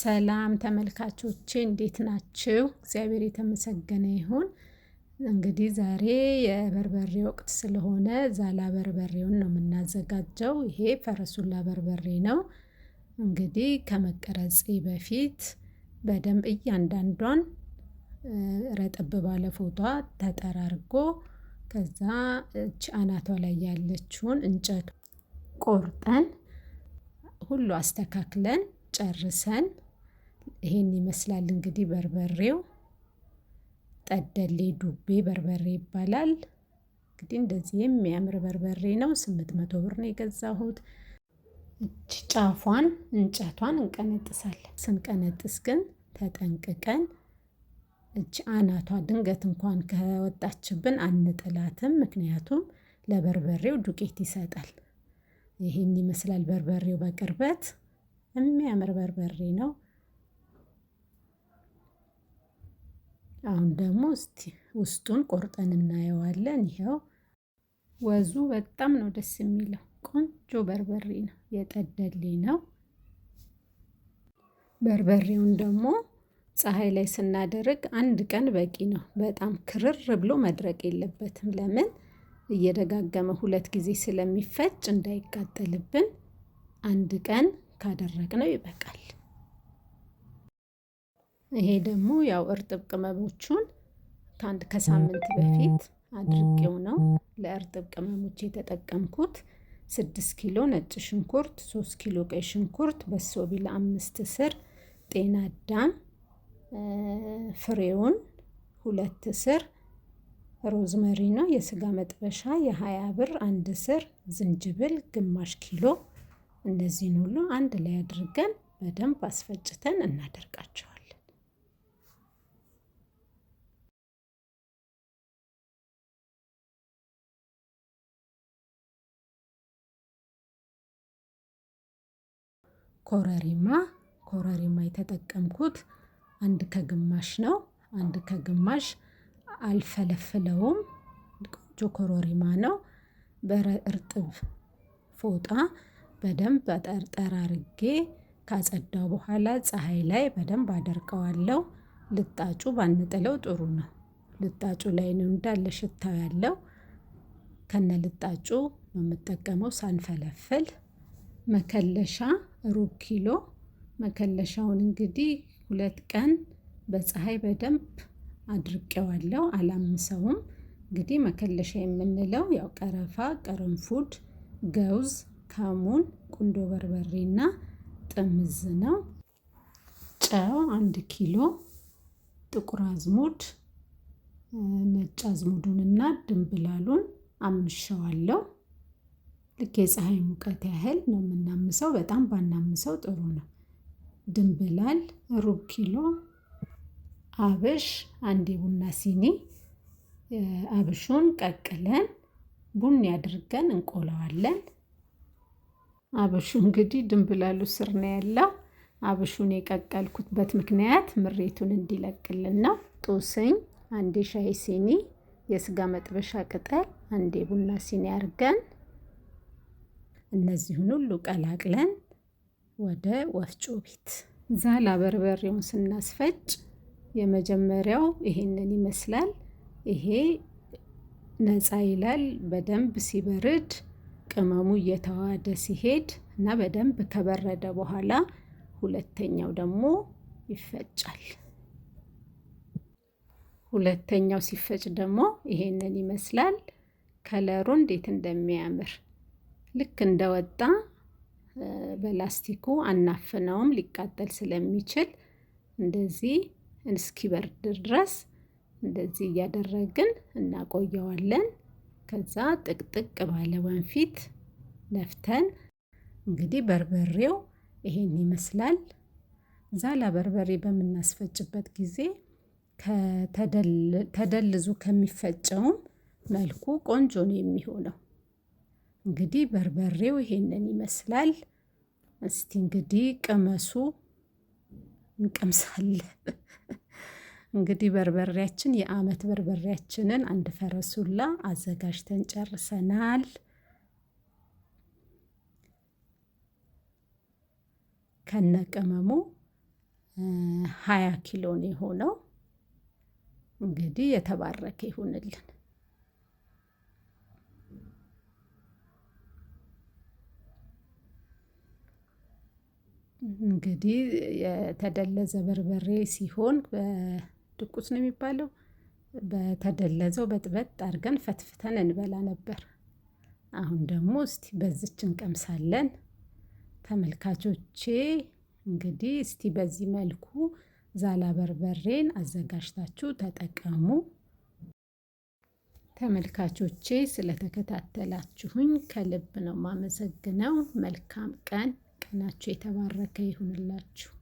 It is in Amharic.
ሰላም ተመልካቾቼ እንዴት ናችሁ? እግዚአብሔር የተመሰገነ ይሁን። እንግዲህ ዛሬ የበርበሬ ወቅት ስለሆነ ዛላ በርበሬውን ነው የምናዘጋጀው። ይሄ ፈረሱላ በርበሬ ነው። እንግዲህ ከመቀረጼ በፊት በደንብ እያንዳንዷን ረጠብ ባለ ፎቷ ተጠራርጎ ከዛ እች አናቷ ላይ ያለችውን እንጨት ቆርጠን ሁሉ አስተካክለን ጨርሰን ይሄን ይመስላል እንግዲህ በርበሬው። ጠደሌ ዱቤ በርበሬ ይባላል። እንግዲህ እንደዚህ የሚያምር በርበሬ ነው። ስምንት መቶ ብር ነው የገዛሁት። እቺ ጫፏን እንጨቷን እንቀነጥሳለን። ስንቀነጥስ ግን ተጠንቅቀን እች አናቷ ድንገት እንኳን ከወጣችብን አንጥላትም። ምክንያቱም ለበርበሬው ዱቄት ይሰጣል። ይሄን ይመስላል በርበሬው በቅርበት የሚያምር በርበሬ ነው። አሁን ደግሞ እስቲ ውስጡን ቆርጠን እናየዋለን። ይኸው ወዙ በጣም ነው ደስ የሚለው። ቆንጆ በርበሬ ነው፣ የጠደሌ ነው። በርበሬውን ደግሞ ፀሐይ ላይ ስናደርግ አንድ ቀን በቂ ነው። በጣም ክርር ብሎ መድረቅ የለበትም። ለምን እየደጋገመ ሁለት ጊዜ ስለሚፈጭ እንዳይቃጠልብን አንድ ቀን ካደረግነው ይበቃል። ይሄ ደግሞ ያው እርጥብ ቅመሞቹን ከአንድ ከሳምንት በፊት አድርጌው ነው ለእርጥብ ቅመሞች የተጠቀምኩት። ስድስት ኪሎ ነጭ ሽንኩርት፣ ሶስት ኪሎ ቀይ ሽንኩርት፣ በሶቢል አምስት ስር፣ ጤና አዳም ፍሬውን ሁለት ስር፣ ሮዝመሪ ነው የስጋ መጥበሻ የሀያ ብር አንድ ስር፣ ዝንጅብል ግማሽ ኪሎ እነዚህን ሁሉ አንድ ላይ አድርገን በደንብ አስፈጭተን እናደርቃቸዋለን። ኮረሪማ ኮረሪማ የተጠቀምኩት አንድ ከግማሽ ነው። አንድ ከግማሽ አልፈለፍለውም። ቆንጆ ኮረሪማ ነው። በእርጥብ ፎጣ በደንብ ጠራርጌ ካጸዳው በኋላ ፀሐይ ላይ በደንብ አደርቀዋለው። ልጣጩ ባንጥለው ጥሩ ነው። ልጣጩ ላይ ነው እንዳለ ሽታው ያለው። ከነ ልጣጩ ነው የምጠቀመው ሳንፈለፍል። መከለሻ ሩብ ኪሎ መከለሻውን እንግዲህ ሁለት ቀን በፀሐይ በደንብ አድርቄዋለሁ አላምሰውም። እንግዲህ መከለሻ የምንለው ያው ቀረፋ፣ ቅርንፉድ፣ ገውዝ ካሙን፣ ቁንዶ በርበሬና ጥምዝ ነው። ጨው አንድ ኪሎ፣ ጥቁር አዝሙድ፣ ነጭ አዝሙዱንና ድንብላሉን አምሸዋለሁ። ልክ የፀሐይ ሙቀት ያህል ነው የምናምሰው። በጣም ባናምሰው ጥሩ ነው። ድንብላል ሩብ ኪሎ፣ አብሽ አንድ የቡና ሲኒ። አብሹን ቀቅለን ቡኒ አድርገን እንቆለዋለን። አበሹ እንግዲህ ድንብላሉ ስር ነው ያለው። አበሹን የቀቀልኩበት ምክንያት ምሬቱን እንዲለቅልን ነው። ጦስኝ፣ አንዴ ሻይ ሲኒ የስጋ መጥበሻ ቅጠል፣ አንዴ ቡና ሲኒ አድርገን እነዚህን ሁሉ ቀላቅለን ወደ ወፍጮ ቤት ዛላ በርበሬውን ስናስፈጭ የመጀመሪያው ይሄንን ይመስላል። ይሄ ነፃ ይላል በደንብ ሲበርድ ቅመሙ እየተዋሃደ ሲሄድ እና በደንብ ከበረደ በኋላ ሁለተኛው ደግሞ ይፈጫል። ሁለተኛው ሲፈጭ ደግሞ ይሄንን ይመስላል። ከለሩ እንዴት እንደሚያምር ልክ እንደወጣ በላስቲኩ አናፍነውም፣ ሊቃጠል ስለሚችል እንደዚህ እስኪበርድ ድረስ እንደዚህ እያደረግን እናቆየዋለን። ከዛ ጥቅጥቅ ባለ ወንፊት ነፍተን እንግዲህ በርበሬው ይሄን ይመስላል። ዛላ በርበሬ በምናስፈጭበት ጊዜ ተደልዞ ከሚፈጨውም መልኩ ቆንጆ ነው የሚሆነው። እንግዲህ በርበሬው ይሄንን ይመስላል። እስቲ እንግዲህ ቅመሱ፣ እንቀምሳለን። እንግዲህ በርበሬያችን የአመት በርበሬያችንን አንድ ፈረሱላ አዘጋጅተን ጨርሰናል። ከነቅመሙ ሀያ ኪሎ ነው የሆነው። እንግዲህ የተባረከ ይሁንልን። እንግዲህ የተደለዘ በርበሬ ሲሆን ድቁስ ነው የሚባለው። በተደለዘው በጥበጥ አድርገን ፈትፍተን እንበላ ነበር። አሁን ደግሞ እስቲ በዚች እንቀምሳለን። ተመልካቾቼ እንግዲህ እስቲ በዚህ መልኩ ዛላ በርበሬን አዘጋጅታችሁ ተጠቀሙ። ተመልካቾቼ ስለተከታተላችሁኝ ከልብ ነው ማመሰግነው። መልካም ቀን፣ ቀናችሁ የተባረከ ይሁንላችሁ።